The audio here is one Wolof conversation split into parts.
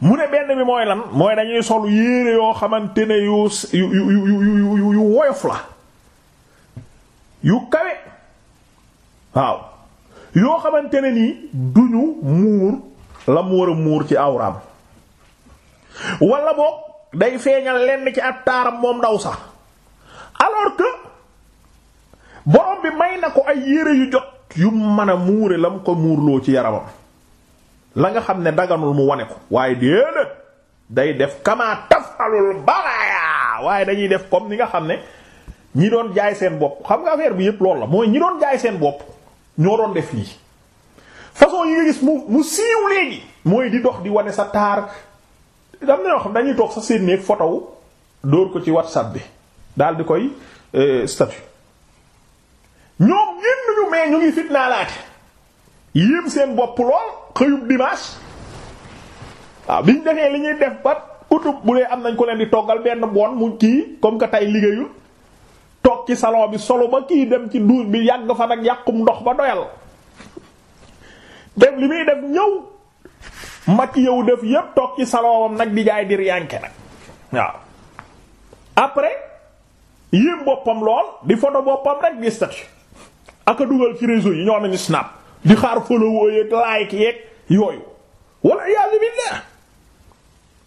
mu ne benn bi mooy lan mooy dañuy sol yéere yoo xamante ne yu yu yu yu woyof la yu kawe waaw yoo xamante ne nii duñu muur la mu a muur ci awraam walla boog day feeñal lenn ci ab taaram moom ndaw sax alors que borom bi may na ko ay yére yu jot yu mën a muure lam ko muurloo ci yaramam la nga xam ne daganul mu wane ko waaye déedéet day def kama tafalul baraaya waaye dañuy def comme ni nga xam ne ñi doon jaay seen bopp xam nga affaire bi yëpp loolu la mooy ñi doon jaay seen bopp ñoo doon def lii façon di dox di wane sa taar dam na yoo xam dañuy toog seen néeg photo dóor ko ci whatsapp bi daal di koy euh, statut ñu mais ñu ngi fitnaalaate yéem seen bopp lool xëyub dimanche waaw biñ defee li ñuy def ba utub bu dee am nañ ko leen di toggal benn bon mu kii comme que tey liggéeyul toog ci salon bi solo ba kii dem ci duus bi yàgg fa nag yàqum ndox ba doyal def li muy def ñëw mak yow def yépp toog ci salon nag di jaay di riyanke nag waaw après yéem boppam lool di foto boppam rek di statut ak dugal ci réseau yi ñoo xam ne snap di xaar follow yeeg like yeeg yooyu walla iyaadu billah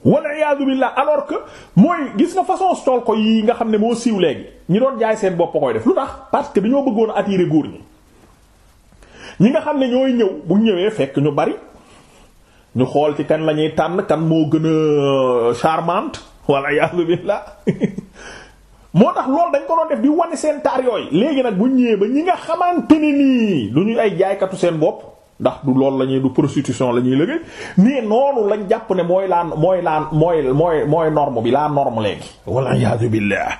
walla iyaadu billah alors que mooy gis nga façon stol ko yi nga xam ne moo siiw léegi ñi doon jaay seen bopp koy def lu tax parce que dañoo bëggoon attirer góor ñi ñi nga xam ne ñooy ñëw bu ñëwee fekk ñu bari ñu xool ci kan lañuy ñuy tànn kan moo gën a charmante walla iyaadu billah moo tax loolu dañ ko doon def di wane seen taar yooyu léegi nag bu ñëwee ba ñi nga xamante ni nii lu ñuy ay jaaykatu seen bopp ndax du loolu la ñuy du prostitution la ñuy liggéey mais noonu lañ jàpp ne mooy laa mooy laa mooy mooy mooy norme bi laa norme léegi walla iyaazu billaah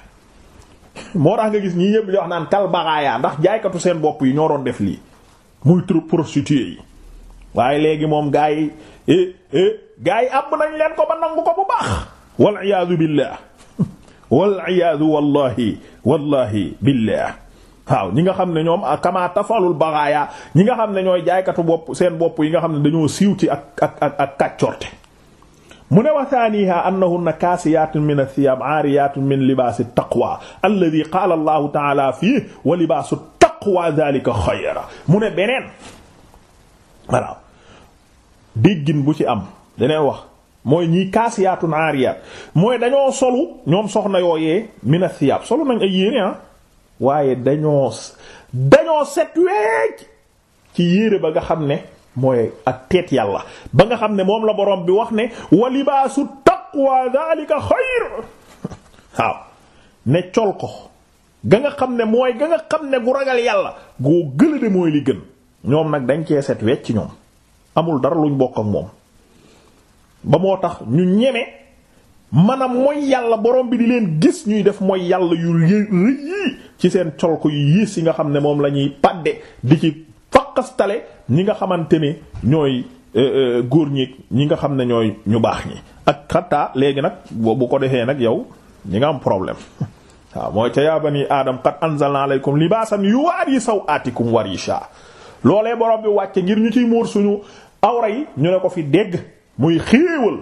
moo tax nga gis ñii yëpp di wax naan kalbaxaayaa ndax jaaykatu seen bopp yi ñoo doon def lii muy trop yi waaye léegi moom gaa yi eh, eh, gaa yi àbb nañ leen ko ba nangu ko bu baax wal iyaadu billah wal iyaadu wallahi wallahi billah waaw ñi nga xam ne ñoom kama tafalul baxaaya ñi nga xam ne ñooy jaaykatu bopp seen bopp yi nga xam ne dañoo siiw ci ak ak ak ak mu ne wa thaniha annahunna kaasiyaatun min ath-thiyaab aariyaatun min libaasi taqwa alladhi qaala mu ne beneen voilà déggin bu ci am daneen wax mooy ñii kaasiyaatun mooy dañoo solu ñoom soxna yooyee min ath-thiyaab solu nañ ay yéene ah waaye dañoo dañoo set weej ci yére ba nga xam ne mooy ak teet yàlla ba nga xam ne moom la borom bi wax ne wa libaasu taqwa dhalika xayr waaw ne col ko ga nga xam ne mooy ga nga xam ne gu ragal yàlla goo gëlade mooy li gën ñoom nag dañ cee set ci ñoom amul dara luñ bokk ak moom ba moo tax ñu ñeme man mooy yàlla borom bi di leen gis ñuy def mooy yàlla yu rëy yii ci seen col ko yu yiis yi nga xam ne moom la ñuy padde di ci faqastale ñi nga xamante ni ñooy euh, euh, góor ñi ñi nga xam ne ñooy ñu baax ñi ak xattaa léegi nag bu ko defee nag yow ñi nga am problème waaw mooy ca yaa bani aadam qad anzalna alaykum libaasan yuwaari yi warisha loolee borom bi wàcce ngir ñu ci muur suñu awra yi ñu ne ko fi dégg muy xéewal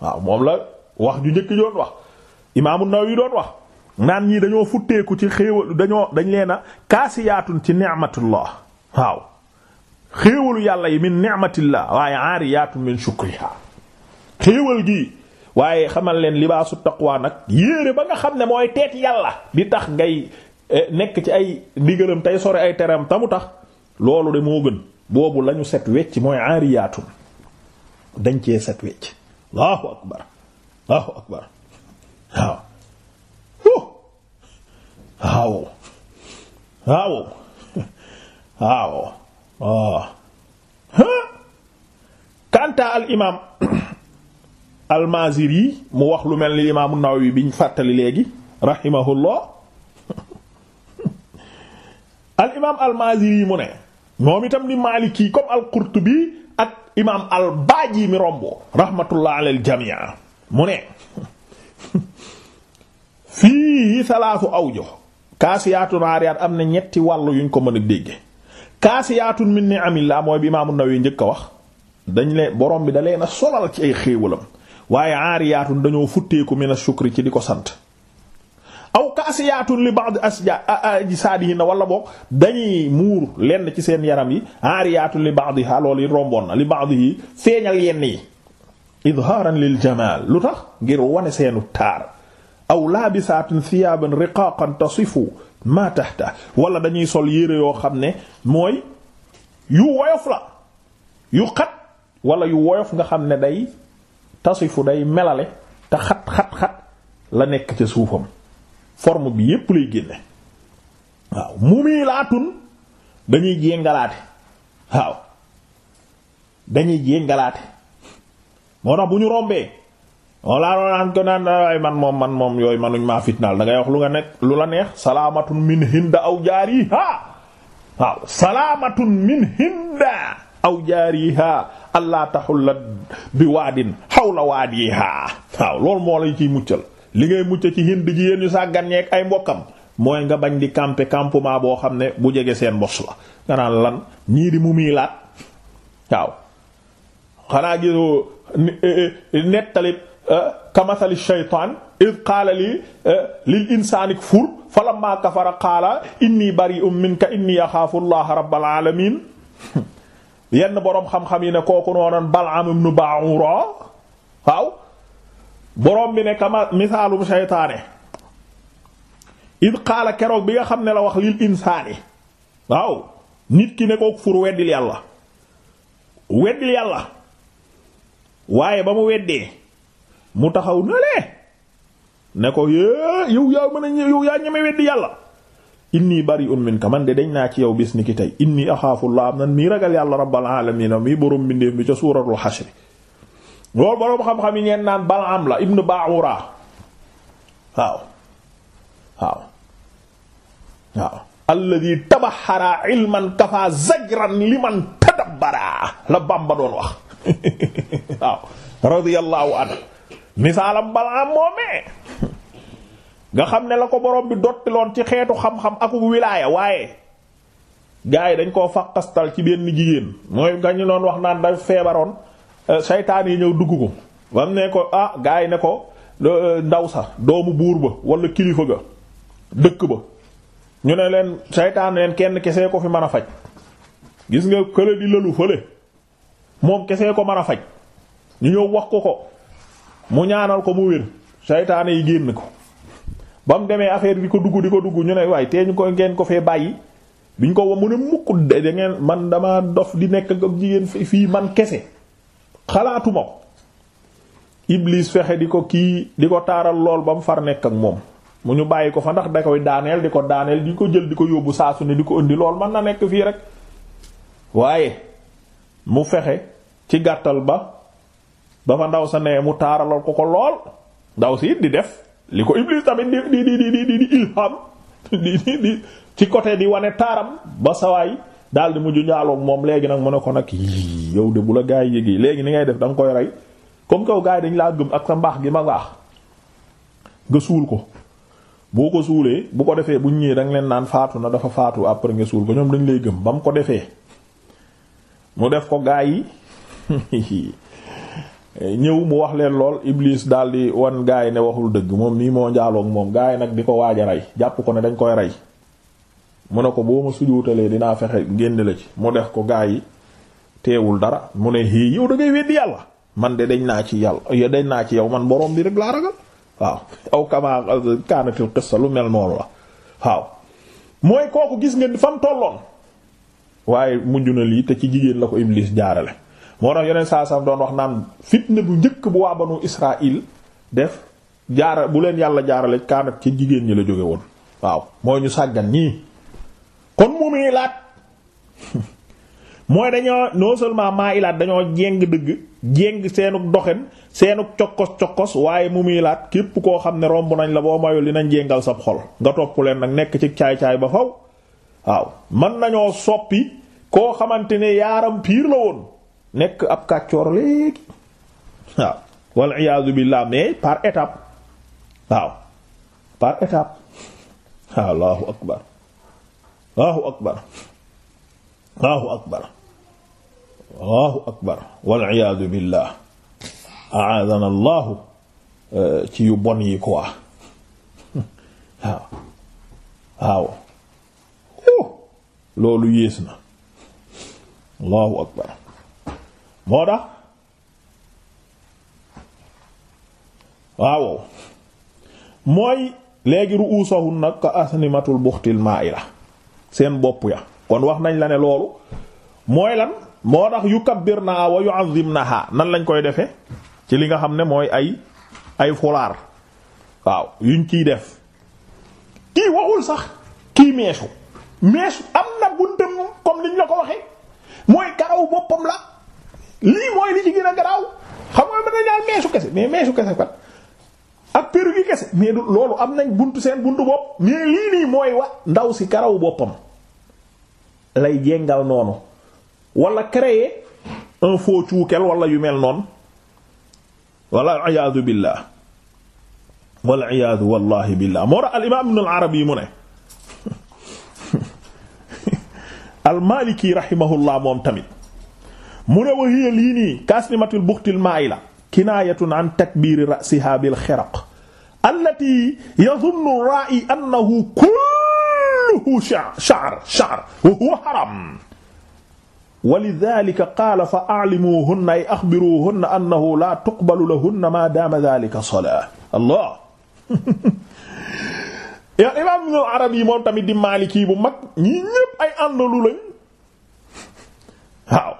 waaw moom la wax ju njëkk doon wax imaamu Nawawi doon wax naan ñii dañoo futteeku ci xéewal dañoo dañ leen a kaasiyaatun ci ni'matullah waaw xéewalu yàlla yi min ni'matillah waaye aariyaatun min shukriha xéewal gi waaye xamal leen libaasu taqwa nag yéere ba nga xam ne mooy teet yàlla di tax ngay eh, nekk ci ay ndigalam tey sore ay teram tamu tax loolu de moo gën boobu lañu set wecc mooy aariyaatun dañ cee set wecc allahu akbar Allahu akbar waaw waaw waaw waaw waaw oh. kanta al imaam al Maaziri mu wax lu mel ni imaamu Nawawi biñ fàttali léegi rahimahullah al imaam al Maaziri mu ne moom itam ni Maliki al Qurtubi ak imaam al Baaji mi rombo rahmatullah alal jamii mu ne fii salaatu awjo kaasiyaatun aariyaat am na ñetti wàllu yuñ ko mën a dégge kaasiyaatun min ni'amillah mooy bi imaamu Nawawi njëkk a wax dañ leen borom bi da leen a solal ci ay xéewalam waaye aariyaatun dañoo futteeku min ash-shukri ci di ko sant aw kaasiyaatun li ba'd ajsaadihinna wala boog dañuy muur lenn ci seen yaram yi aariyaatun li ba'diha loolu yi romboon na li ba'dihi feeñal yenn yi idhaaran lil jamaal lu tax ngir wane seenu taar aw laabisaatin thiyaaban riqaaqan tasifu ma tahta wala dañuy sol yére yoo xam ne mooy yu woyof la yu xat wala yu woyof nga xam ne day tasifu day melale te xat xat xat la nekk ca suufam form bi yépp lay génne waaw mumilaatun dañuy jéngalaate waaw dañuy jéngalaate moo tax bu ñu rombee walla naan ko naan waaye man moom man moom yooyu manuñ maa fitnaal da ngay wax lu nga nekk lu la neex salaamatun min hinda aw jaariha waaw salaamatun min hinda aw jaariha allah la bi waadin xawla waadiha waaw loolu moo lay ciy muccal li ngay mucc ci hind ji yéen ñu sàggan ñeek ay mbokkam mooy nga bañ di camper campement boo xam ne bu jege seen bos la nga naan lan ñii di mu miilaat waaw xanaa gisoo eh, eh, eh, nettali kamasali shaytaan id qaala li lil insaani kfur falamma kafara qaala inni bari'un minka inni axaafu allaha rabbal alamin yenn boroom xam-xam yi ne kooku noonoon Bal'am ibn Ba'ura waaw boroom bi ne kama misaalum shaytaane id qaala keroog bi nga xam ne la wax lil insaani waaw nit ki ne ko kfur weddil yàlla weddil yàlla waaye ba mu weddee mu taxaw nalee ne ko é yow yaa mën a yow yaa ñeme weddi yàlla inni bari'un minka man de dañ naa ci yow bis ni ki tey inni axaafullah am nan mii ragal yàlla rabbal alamina mii borom mbindéef bi ca suuratul xashr loolu boroom xam-xam yi ñeen naan Balaam la ibnu Baawura waaw waaw waaw alladi tabaxara ilman kafa zajran liman tadabbara la Bamba doon wax waaw radiyallahu anhu misaalam balaam moomee nga xam ne la ko boroom bi dottiloon ci xeetu xam-xam ak wilaaya waaye gaa yi dañ koo faqastal ci benn jigéen mooy nga ñu doon wax naan da feebaroon eh, saytaan yi ñëw dugg ko bam ne ko ah gars yi ne ko eh, ndaw sa doomu buur ba wala kilifa ga dëkk ba ñu ne leen saytaan leen kenn kese ko fi mën a faj gis nga kële di lëlu fële moom kese ko man a faj ñu ñëw wax ko ko mu ñaanal ko mu wér saytaane yi génn ko ba mu demee affaire di ko dugg di ko dugg ñu ne waaye tee ñu ko ngeen ko fee bàyyi biñ ko wax mu ne mukk da man dama dof di nekk ak jigéen fii man kese xalaatuma ko Iblis fexe di ko kii di ko taaral lool ba mu far nekk ak moom mu ñu bàyyi ko fa ndax da koy daaneel di ko daaneel di ko jël di ko yóbbu saasu ne di ko indi lool man na nekk fii rek waaye mu fexe ci gàttal ba ba fa ndaw sa nee mu taaralal ko ko lool ndaw si it di def li ko Iblis tamit di di di di di ilham di di di ci côté di wane taaram ba sawaay daal di mujj njaaloog moom léegi nag mu ne ko nag yow de bu la gaa yi léegi ni ngay def danga koy rey comme kaw gaa dañ laa gëm ak sa mbaax gi ma baax nga suul ko boo ko suulee bu ko defee bu ñëwee da leen naan faatu na dafa faatu après nga suul ko ñoom dañ lay gëm ba mu ko defee mu def ko gaa yi ñëw mu wax leen lool Iblis daal di wan gaa yi ne waxul dëgg moom nii moo njaaloog moom gaa yi nag di ko waaja rey jàpp ko ne dañ koy rey mu ne ko boo ma sujuutalee dinaa fexe génn la ci mu def ko gaa yi teewul dara mu ne hii yow da ngay yàlla man de dañ naa ci yàlla dañ naa ci yow man borom bi rek laa ragal waaw aw kama kaanatil qissa lu mel noonu la waaw mooy kooku gis nga fam tolloon waaye mujj na lii te ci jigéen la ko Iblis jaarale. moo tax yeneen saa sam doon wax naan fitna bu njëkk bu waa banu Israël def jaara bu leen yàlla jaarale kaanat ci jigéen ñi la jóge woon waaw mooy ñu sàggan nii kon mu muy laat mooy dañoo non seulement maa ilaat dañoo jéng dëgg jéng seenug doxin seenug cokkos cokkos waaye mu muy laat képp koo xam ne romb nañ la boo mayul li nañ jéngal sab xol nga topp leen nag nekk ci caay-caay ba faw waaw mën koo xamante ne yaaram piir la woon nekk ab kàccoor léegi waaw wal iyaazu billah mais par étape waaw par étape allahu allahu akbar allahu akbar wal iyaazu billah aadana allahu euh, ci yu bon yi quoi waaw waaw loolu yées na allahu akbar moo tax waaw mooy léegi ru'uusahun nag ka asnimatul buxtil maa'ila seen bopp ya kon wax nañ la ne loolu mooy lan moo tax yukabbirna wa yu'azzimnaha nan lañ koy defe ci li nga xam ne mooy ay ay fulaar waaw yuñ ciy def kii waxul sax kii meesu meesu am na lii mooy li ci gën a garaaw xam nga mën nañu meesu kese mais meesu kese kat ak perruque kese mais loolu am nañ buntu seen buntu bopp mais lii nii mooy wa ndaw si karaw boppam lay jéngal noonu wala créer un faux cuukel wala yu mel noon wala iyaadu billah wal iyaadu moo tax al imaam arabi yi mu ne al maliki moom tamit mu ne waxiya lii nii kaslimatul buxtil maa'ila kinaayatun an takbiiri ra'siha bil xiraq allati yadunnu raa'i annahu kulluhu sha'r sha'r wa huwa haram walidaalika qaala fa a'limuuhunna ay axbiruuhunna annahu laa tuqbalu lahunna maa daama daalika salaa allah yaa imaam Ibn Arabi moom tamit di Maaliki bu mag ñii ñépp ay àndalu lañ waaw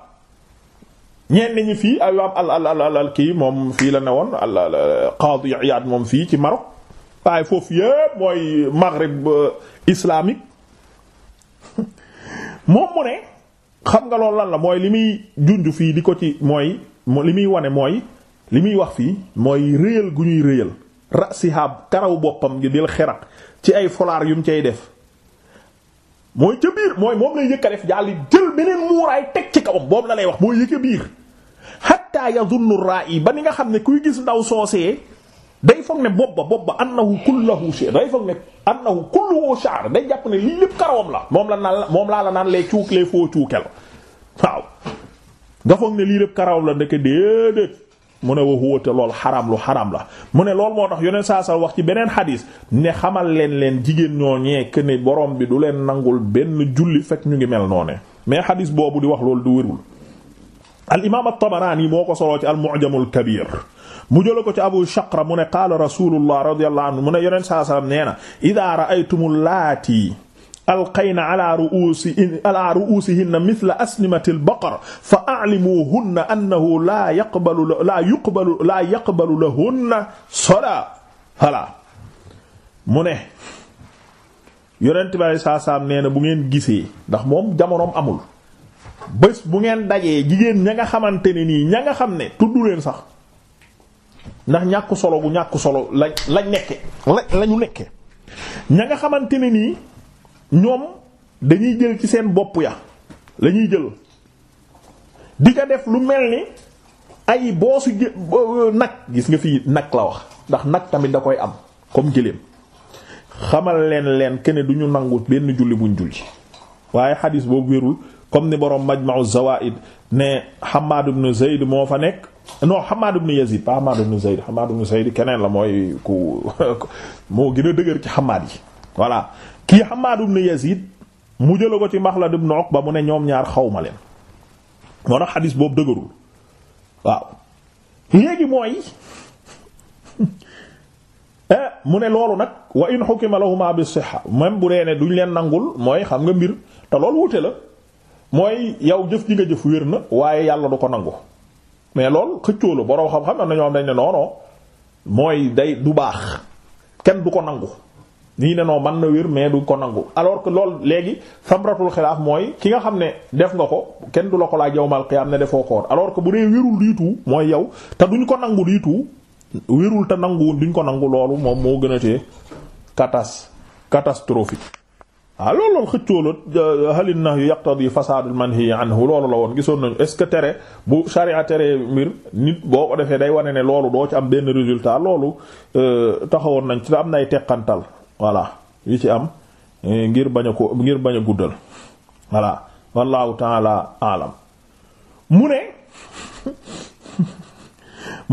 ñeen ñi fii ay waam al al al al kii moom fii la ne woon al al Qadi Iyad moom fii ci Maroc waaye foofu yëpp mooy maghrib euh, islamique moom mu ne xam nga lool lan la mooy li muy junj fii di ko ci mooy li muy wane mooy li muy wax fii mooy réyal gu ñuy réyal rasihaab karaw boppam gi dil xerat ci ay folaar yum cay def mooy ca biir mooy moom lay yëkka def jàll jël beneen muuraay teg ci kawam boobu la lay wax mooy yëkka biir hatta yazunnu yi ba ni nga xam ne kuy gis ndaw soosee day foog ne bopp ba bopp ba annahu kulluhu sha'r day foog ne annahu kulluhu sha'r jàpp ne lii lépp karawam la moom la naan moom laa la naan les cuuk les faux cuukel waaw nga foog ne lii lépp karawam la ndeke déedéet mu ne wa huwa lool xaraam lu xaram la mu ne lool moo tax yoneen saa sa wax ci beneen xadiis ne xamal leen leen jigéen ñooñee que ne borom bi du leen nangul benn julli fekk ñu ngi mel noone mais xadiis boobu di wax loolu du al imaam at-Tabaraani moo ko soloo ci al-Mu'jam al-Kabiir mu jëla ko ci Abu Shaqra mu ne qaala Rasuulullah radiyallahu anhu mu ne yonent saa sallam nee na idaa ra'aytumu llaatii alqayna ala ru'uusi ala ru'uusihinna mithla aslimatil baqar fa a'limuuhunna annahu laa yaqbalu laa yuqbalu laa yaqbalu lahunna salaa mu ne yonent bi saa saam nee na bu ngeen gisee ndax moom jamonoom amul bës bu ngeen dajee jigéen ña nga xamante ne nii ña nga xam ne tudd leen sax ndax ñàkk solo bu ñàkk solo lañ lañ nekke lañu nekke ña nga xamante ne nii ñoom dañuy jël ci seen bopp ya lañuy jël di ko def lu mel ni ay boosu nag gis nga fi nag la wax ndax nag tamit da koy am comme gëléem xamal leen leen kene du ñu nangu benn julli buñ julli waaye xadiis boobu wérul comme ni borom majma'u zawaid ne Hammad ibn Zayd moo fa nekk non Hammad ibn Yazid pas Hammad ibn Zayd Hammad keneen la mooy ku moo gën a dëgër ci Hammad yi voilà kii Hammad ibn Yazid mu jëla ko ci Maxlad ibn Uqba mu ne ñoom ñaar xawma leen moo xadiis boobu dëgërul waaw léegi mooy eh, mu ne loolu nag wa in xukima lahuma bis sihha même bu dee ne duñ leen nangul mooy xam nga mbir te loolu wute la mooy yow jëf ji nga jëf wér na waaye yàlla du ko nangu mais lool xëccoo la borom xam-xam na ñoo am dañ ne non mooy day du baax kenn du ko nangu nii ne non man na wér mais du ko nangu alors que loolu léegi samratul xilaaf mooy ki nga xam ne def nga ko kenn du la ko laaj yawmal qiyaam ne defoo ko alors que bu dee wérul diitu mooy yow te duñ ko nangu diitu wérul te nanguwul duñ ko nangu loolu moom moo gën a tee catas catastrophique ah loolu loolu xëccoo la halin nahyu yaqtadi fasadul manhi anhu loolu la woon gisoon nañu est que tere bu sharia tere mbir nit boo defee day wane ne loolu doo ci am benn résultat loolu euh, taxawoon nañ ci am na ay teqantal voilà yu ci am eh, ngir bañ a ko ngir bañ a guddal voilà wallahu taala alam mu ne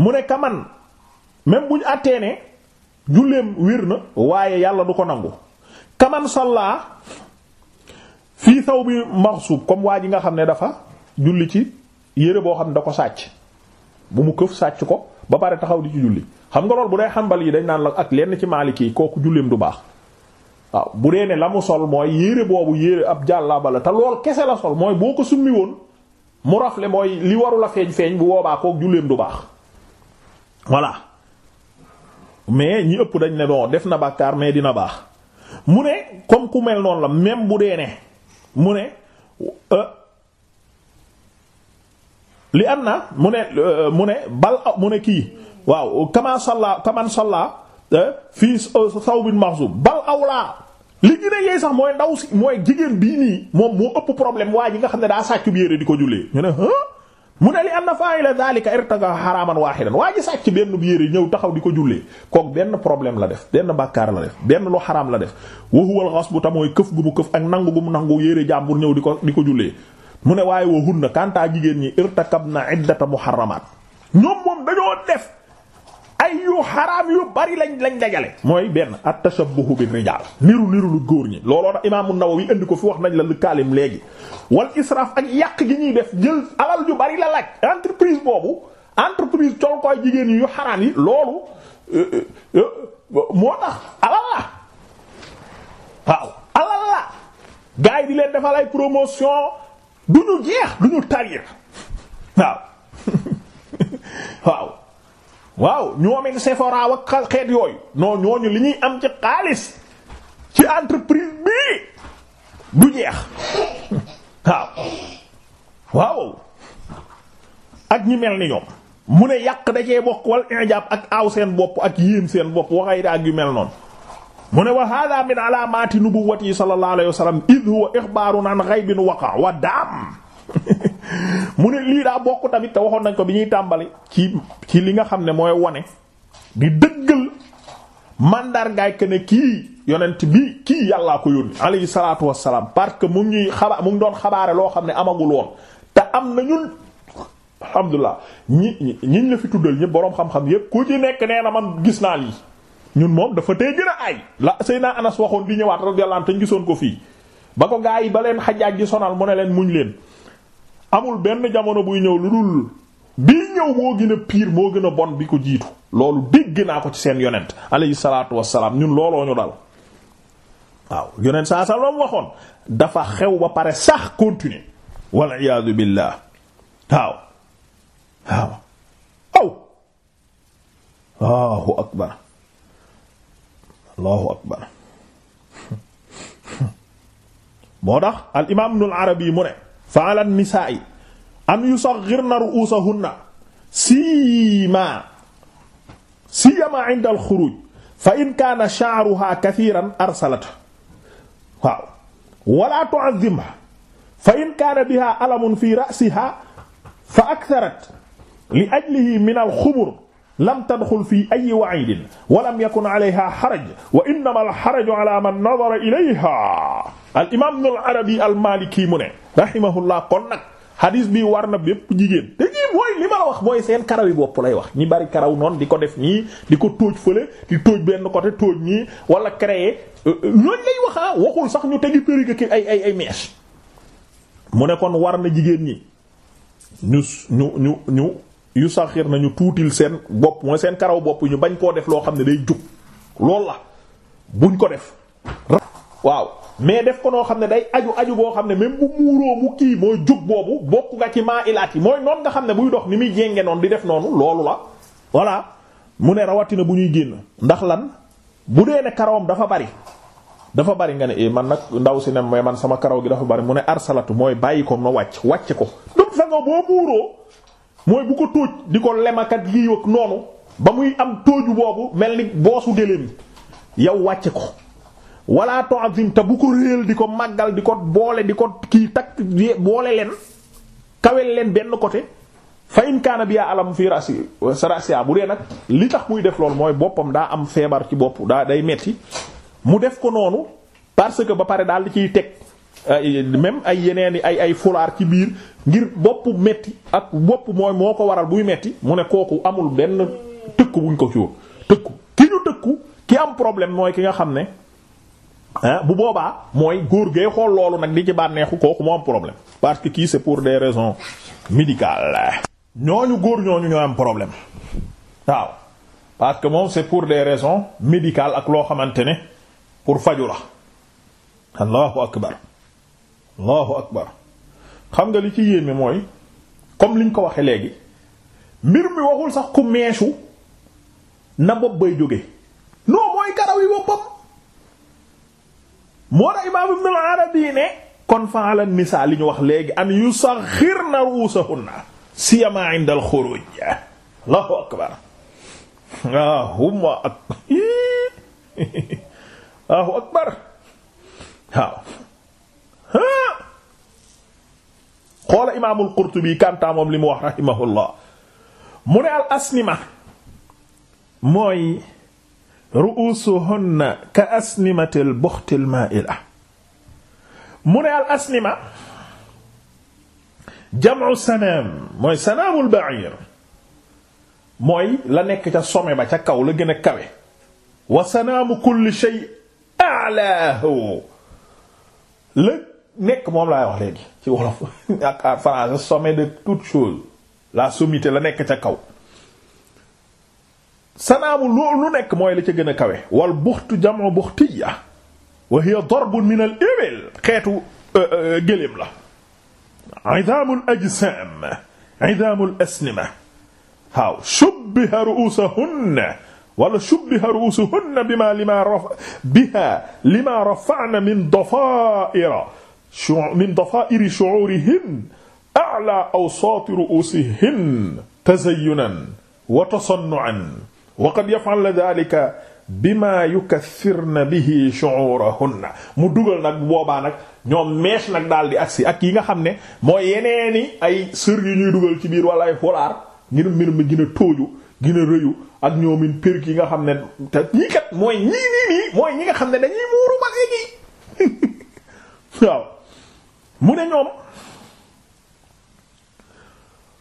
mu ne kaman même bu ñu àttee ne julleem wér na waaye yàlla du ko nangu kaman salla fii saw bi maxsuub comme waa ji nga xam ne dafa julli ci yére boo xam ne da ko sàcc bu mu këf sàcc ko ba pare taxaw di ci julli xam nga lool bu dee xambal yi dañ naan la ak lenn ci maaliki yi kooku julleem du baax waaw bu dee ne la mu sol mooy yére boobu yére ab jàllaaba la te lool kese la sol mooy boo ko summi woon mu rafle mooy li warula feeñ feeñ bu boobaa kooku julleem du baax voilà mais ñi ëpp dañ ne don def na bàkkaar mais dina baax mu ne comme ku mel noonu la même bu dee ne mu ne euh, li am na mu ne euh, mu ne bal mu ne kii waaw kama salla kaman salla euh, fii sawbin mahzum bal awlaa li gën a yeey sax mooy ndaw si mooy jigéen bii nii moom moo ëpp problème waa ji nga xam ne daa sàccu bi di ko jullee ñu ne mu ne li anna fa'ila dhalika irtaqa xaraaman waaxidan waa ji sàcc benn bu yére ñëw taxaw di ko jullee kook benn problème la def benn bàkkaar la def benn lu xaraam la def wa huwa al-ghasbu ta këf gu mu këf ak nangu gu mu nangu yére jàmbur ñëw di ko di ko jullee mu ne waaye wa hunna kantaa jigéen ñi irtakabna iddata muharramaat ñoom moom dañoo def ay yu xaraam yu bari lañ lañ dajale mooy benn at-tashabbuhu bi rijaal niru niru lu góor ñi looloo tax imaam an-Nawawi indi ko fi wax nañ la lu kaalim léegi wal israaf ak yàq gi ñuy def jël alal yu bari la laaj entreprise boobu entreprise col koy jigéen yu xaraam yi loolu euh, euh, euh, moo tax alal la waaw alal la gars yi leen defal ay promotion du ñu jeex du ñu tarir waaw waaw waaw ñoomin Sephora ak xeet yooyu non ñooñu li ñuy am ci xaalis ci entreprise bii du jeex waaw waaw ak ñi mel ni ñoom mu ne yàq da cee bokk wal injab ak aaw seen bopp ak yéem seen bopp waxay daag yu mel noonu mu ne wa hada min nu bu sallallahu alayhi wa sallam id huwa ixbaarun an ghaybin waqa wa daam mu ne lii daa bokk tamit te waxoon nañ ko bi ñuy tàmbali ci ci li nga xam ne mooy wane di dëggal mandargaay ke ne kii yonent bi kii yàllaa ko yónni alayhi salaatu wassalaam parce que mu ngi xaba mu ngi doon xabaare loo xam ne amagul woon te am na ñun alhamdulilah ñi ñiñ la fi tuddal ñëpp boroom xam-xam yépp ku ci nekk nee na man gis naa lii ñun moom dafa tey gën a ay la Seydina Anas waxoon di ñëwaat radiyallahu anhu te ñu gisoon ko fii ba ko gaa yi ba leen xajaaj gi sonal mu ne leen muñ leen amul benn jamono buy ñëw lu dul bii ñëw moo gën a pire moo gën a bon bi ko jiitu loolu dégg naa ko ci seen yonent alayhi salaatu wassalaam ñun looloo ñu dal waaw yonent saa saa loolu waxoon dafa xew ba pare sax continuer wal iyaadu billaah waaw waaw aw allahu akbar allahu tax al imaam ibnul arabi mu ne fa ala nisaa'i an yusaghirna ru'usahunna siima siyamaa inda al-xuruuj fa in kaana sha'ruhaa kathiiran arsalathu waaw wala tu'azzimha fa in kaana bihaa alamun fi ra'sihaa fa aktharat li ajlihi min al-xumur lam tadxul fi ay waidin wa lam yakun alayha xaraj wa innama alxaraju ala man nadara ilayha al imam ibn al arabi mu ne rahimahullah kon nag hadis bi war na bépp jigéen te ñii mooy li ma la wax mooy seen karaw yi bopp lay wax ñi bari karaw noonu di ko def nii di ko tóoj fële di tóoj benn côté tóoj nii wala créer euh, euh, ñooñ lay waxaa ah, waxul sax ñu tegi périg ki ay ay ay mu ne kon war na jigéen ñi ñu ñu ñu ñu yu saxir nañu tuutil seen bopp mooy seen karaw bopp ñu bañ koo def loo xam ne day jug loolu la buñ ko def waaw mais def ko noo xam ne day aju aju boo xam ne même bu muuroo mu kii mooy jug boobu bokk nga ci maa ilaat yi mooy noon nga xam ne buy dox ni muy jénge noonu di def noonu loolu la voilà mu ne rawatina bu ñuy génn ndax lan bu dee ne karawam dafa bari dafa bari nga ne eh man nag ndaw si ne mais man sama karaw gi dafa bari mu ne arsalatu mooy bàyyi ko na wàcc wàcc ko mooy bu ko tóoj di ko lemakat lii ak noonu ba muy am tóoju boobu mel ni boosu géléem yow wàcce ko wala ta'zim te bu ko réel di ko màggal di ko boole di ko kii takk boole leen kawel leen benn côté fa in kaana bi yaa alam fii rasi sarasia bu dee nag li tax muy def loolu mooy boppam daa am feebar ci bopp daa day metti mu def ko noonu parce que ba pare daal di ciy teg ay même ay yeneen i ay ay fulaar ci biir ngir boppu metti ak bopp mooy moo ko waral buy metti mu ne kooku amul benn tëkku buñ ko ciwoon tëkku ki ñu tëkku ki am problème mooy ki nga xam ne ah bu boobaa mooy góor gay xool loolu nag di ci bànneexu kooku moo am problème parce que kii c'est pour des raisons médicales ñooñu góor ñooñu ñoo am problème waaw parce que moom c'est pour des raison médical ak loo xamante ne pour faju la allahu akbar allahu akbar xam nga li ci yéeme mooy comme liñ ko waxe léegi mbir mi waxul sax ku meesu na bopp bay jóge non mooy karaw yi boppam moo tax imaam ibn al-Arabi ne kon fa ala nisaa ñu wax léegi an yusaxirna ruusahunna siyama inda al-xuruj allahu akbar waahuma ak allahu akbar waaw xoola imaamul Qurtubi kantaa moom li mu wax rahimahullah mu ne al asnima mooy ru'usuhunna ka asnimatil buxtil maa'ila mu ne al asnima jam'u sanaam mooy sanaamul ba'ir mooy la nekk ca sommet ba ca kaw la gën a kawe wa sanaamu kulli shay a'laahu nekk moom laay wax léegi ci wolof ak en sommet de toute chose la sommité la nekk ca kaw sanaamu lu nekk mooy li ca gën a kawe wal buxtu jamu buxtiya wa min al ibil xeetu euh, euh, gëléem la idamul ajsam idamul asnima waaw shubbiha ru'usuhunna wala shubbiha ru'usuhunna bima biha lima rafa'na min dafa'ira min dafa'iri shu'urihim a'la awsaati ru'usihin tazayyunan wa tasannu'an wa qad yaf'alna dhalika bima yukaththirna bihi shu'urahunna mu dugal nag boobaa nag ñoom mees nag daal di agsi ak yi nga xam ne mooy yeneeni ay sër yu ñuy dugal ci biir wala ay folaar ngir mbir mi gën a tóoju rëyu ak ñoomin perk yi nga xam ne te ñii kat mooy ñii nii mooy ñi nga xam ne dañuy muuru ba léegi waaw mu ne ñoom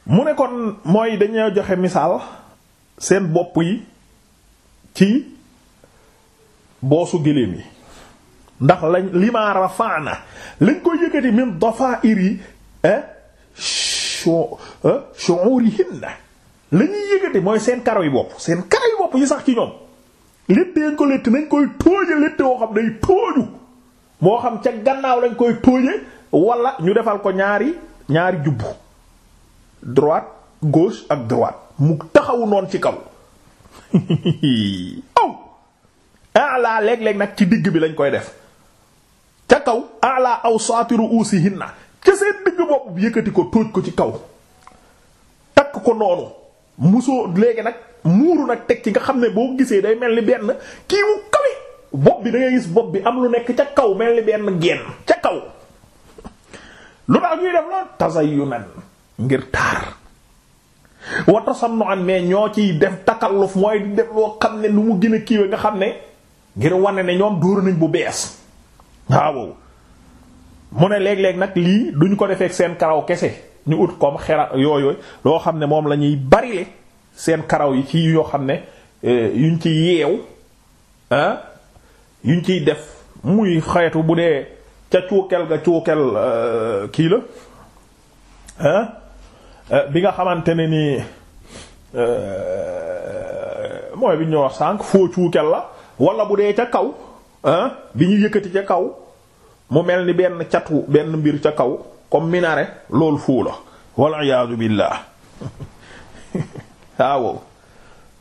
mu ne kon mooy dañoo joxe misaal seen bopp yi ci boosu géléem yi ndax lañ lima rafaana lañ koy yëkkati min dafairi eh, eh, shu'urihinna la ñuy yëkkati mooy seen karaw yi bopp seen karaw yi bopp yi sax ci ñoom létt yañ ko létt nañ koy tóoje létt woo xam day tóoju moo xam ca gannaaw lañ koy tóoje wala ñu defal ko ñaari ñaari jubbu droit gauche ak droite mu taxawu noonu ci kaw aw oh! ala léeg-léeg nag ci digg bi lañ koy def ca kaw ala aw saatiru uusi hinna ca seen digg bopp bi yëkkati ko tóoj ko ci kaw takk ko noonu musoo léegi nag muuru nag teg ci nga xam ne boo gisee day mel ni benn kii wu kawe bopp bi da gis bopp bi am lu nekk ca kaw mel ni benn genn ca kaw lu tax ñuy def lool tazayunan ngir taar wa tasannu'an mais ñoo ciy def takalluf mooy di def loo xam ne lu mu gën a kiiwe nga xam ne ngir wane ne ñoom dóor nañ bu bees waaw mu ne léeg-léeg nag lii duñ ko defeek seen karaw kese ñu ut comme xera yooyu loo xam ne moom lañuy ñuy barile seen karaw yi ci yoo xam ne eh, yuñ ci yeew ah, yuñ ciy def muy xeetu bu dee ca cuukel ga cuukel euh, kii la euh, bi nga xamante ne ni euh, mooy bi ñu wax sànq foo cuukel la wala bu dee ca kaw bi ñu yëkkati ca kaw mu mel ni benn catu benn mbir ca kaw comme minare loolu fuu la wal iyaadu billah waaw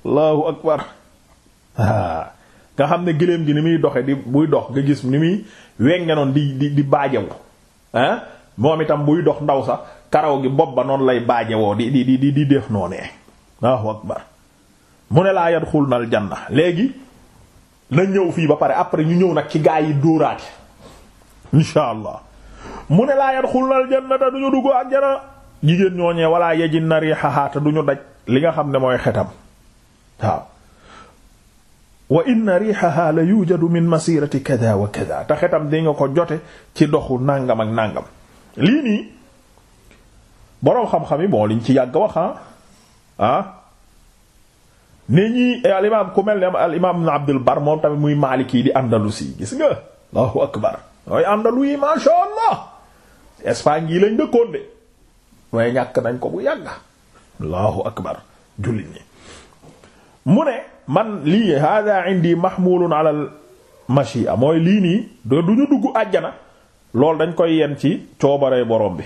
allahu akbar nga xam ne gëléem gi ni muy doxe di buy dox nga gis ni muy wenge noonu di di di baajewu ah moom itam buy dox ndaw sax karaw gi bopp ba noonu lay baajewoo di di di di def noonee waaw akbar mu ne laa yadxul nal janna léegi na ñëw fii ba pare après ñu ñëw nag ci gaa yi dóoraate insha mu ne laa yadxul nal na te duñu dugg ak jana jigéen ñooñee walla yejin na riixaxaata duñu daj li nga xam ne mooy xetam waaw wa inna rihaha la yujadu min masirati kada wa kada te jote ci doxu nàngam ak nàngam yi bon ci yàgg wax ah ah ne ñi eh, al imam ku mel gis nga allahu lañ dëkkoon de waaye ñàkk nañ ko bu yàgg allahu akbar jullit ñi mu ne man lii hada indi mahmulun ala al mashia mooy lii nii du ñu dugg àjjana loolu dañ koy yen ci coobaree borom bi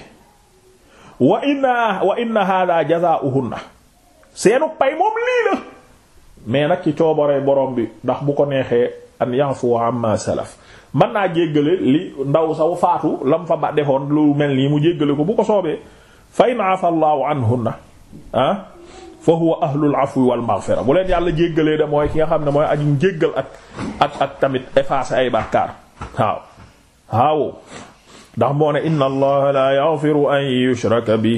wa inna wa inna hada jazaa'uhunna seenu pay moom lii la mais nag ci coobaree borom bi ndax bu ko neexee an yafu amma salaf mën naa jéggale li ndaw saw faatu lam fa ba defoon lu mel nii mu jéggale ko bu ko soobee fa in afa allahu anhunna ah fa huwa ahlul afwi bu leen yàlla jéggalee da mooy ki nga xam ne mooy aju jéggal ak ak ak tamit effacer ay bàkkaar waaw waaw ndax moo ne inna allaha la yaghfiru an yushraka bi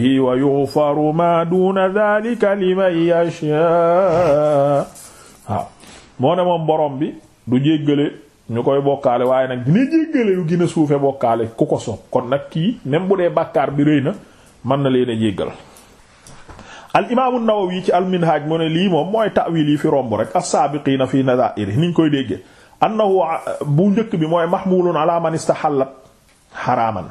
du jéggale ñu koy bokkaale waaye nag dina jéggale lu gën suufe bokkaale ku ko sopp kon nag kii même bu dee bàkkaar bi rëy na mën na leen a jéggal al imaamu Nawawi ci al minhaj mu ne lii moom mooy ta'wil yi fi romb rek as-sabiqina fi nadha'iri ni ñu koy déggee annahu bu njëkk bi mooy mahmulun ala man istahallat haraman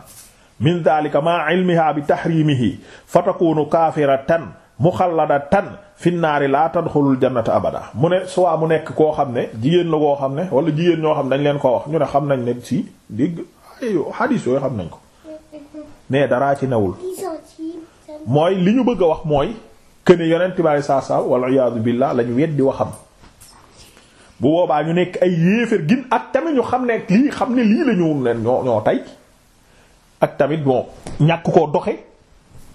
min dhalika ma ilmiha bi tahrimihi fa mu kafiratan muxalladatan fi naari la tadxulul jannata abada mu ne soit mu nekk koo xam ne jigéen la koo xam ne wala jigéen ñoo xam ne dañ leen ko wax ñu ne xam nañ ne si dégg ayo hadis yooyu xam nañ ko mais daraa ci newul mooy li ñu bëgg a wax mooy këne yonent baay saa saa walla iyaatu billaah lañu weddi waxam bu boobaa ñu nekk ay yéeféer gin ak tamit ñu xam ne lii xam ne lii lañu leen ñoo ñoo tey ak tamit bon ñàkk koo doxe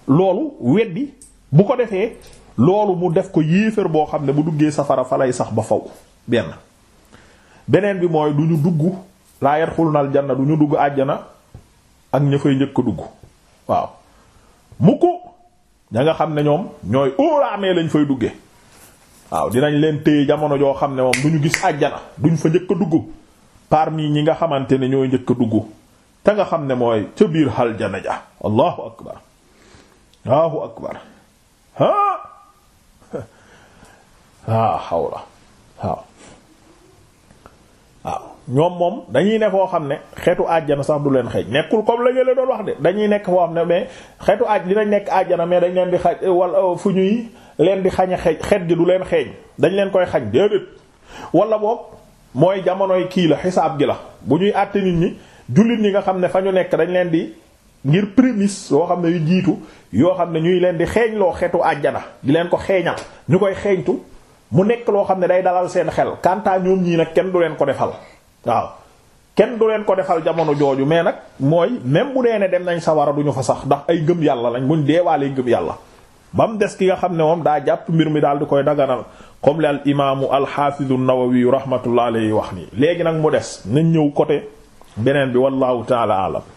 loolu weddi bu ko defee loolu mu def ko yéeféer boo xam ne bu duggee safara fa lay sax ba faw benn beneen bi mooy duñu dugg laa yadxuluna aljanna du duñu dugg àjjana ak ña njëkk a dugg waaw mu ko ña nga xam ne ñoom ñooy óoraamee lañ fay dugge waaw dinañ leen téye jamono joo xam ne moom du ñu gis àjjana duñ fa njëkk a dugg parmi ñi nga xamante ne ñooy njëkk a dugg te nga xam ne mooy ca biir aljana ja allahu akbar allahu waaw xawla waaw ñoom moom dañuy ne foo xam ne xeetu àjjana sax du leen xëj nekkul comme la ngeen doon wax de dañuy nekk foo xam ne mais xeetu àjj dinañ nekk àjjana dañ leen di xaj wala euh, fu ñuy leen di xañ a xeej xet gi du leen xeeñ dañ leen koy xañ déedéet wala boog mooy jamonoy kii la xisaab gi la bu ñuy àtte nit ñi jullit ñi nga xam ne fa ñu nekk dañ leen di ngir prémisse yoo xam ne yu jiitu yoo xam ne ñuy leen di xeeñloo xeetu àjjana di leen ko xeeñal ñu koy xeeñtu mu nekk loo xam ne day dalal seen xel quant à ñoom ñii nag kenn du leen ko defal waaw kenn du leen ko defal jamono jooju mais nag mooy même bu dee ne dem nañ sawara du ñu fa sax ndax ay gëm yàlla lañ buñ deewaalee gëm yàlla ba mu des ki nga xam ne moom daa jàpp mbir mi daal di koy daganal comme li al imaamu alxaafidu nawawiyu rahmatullah alayhi wax nii léegi nag mu des nañ ñëw côté beneen bi wallahu taala alam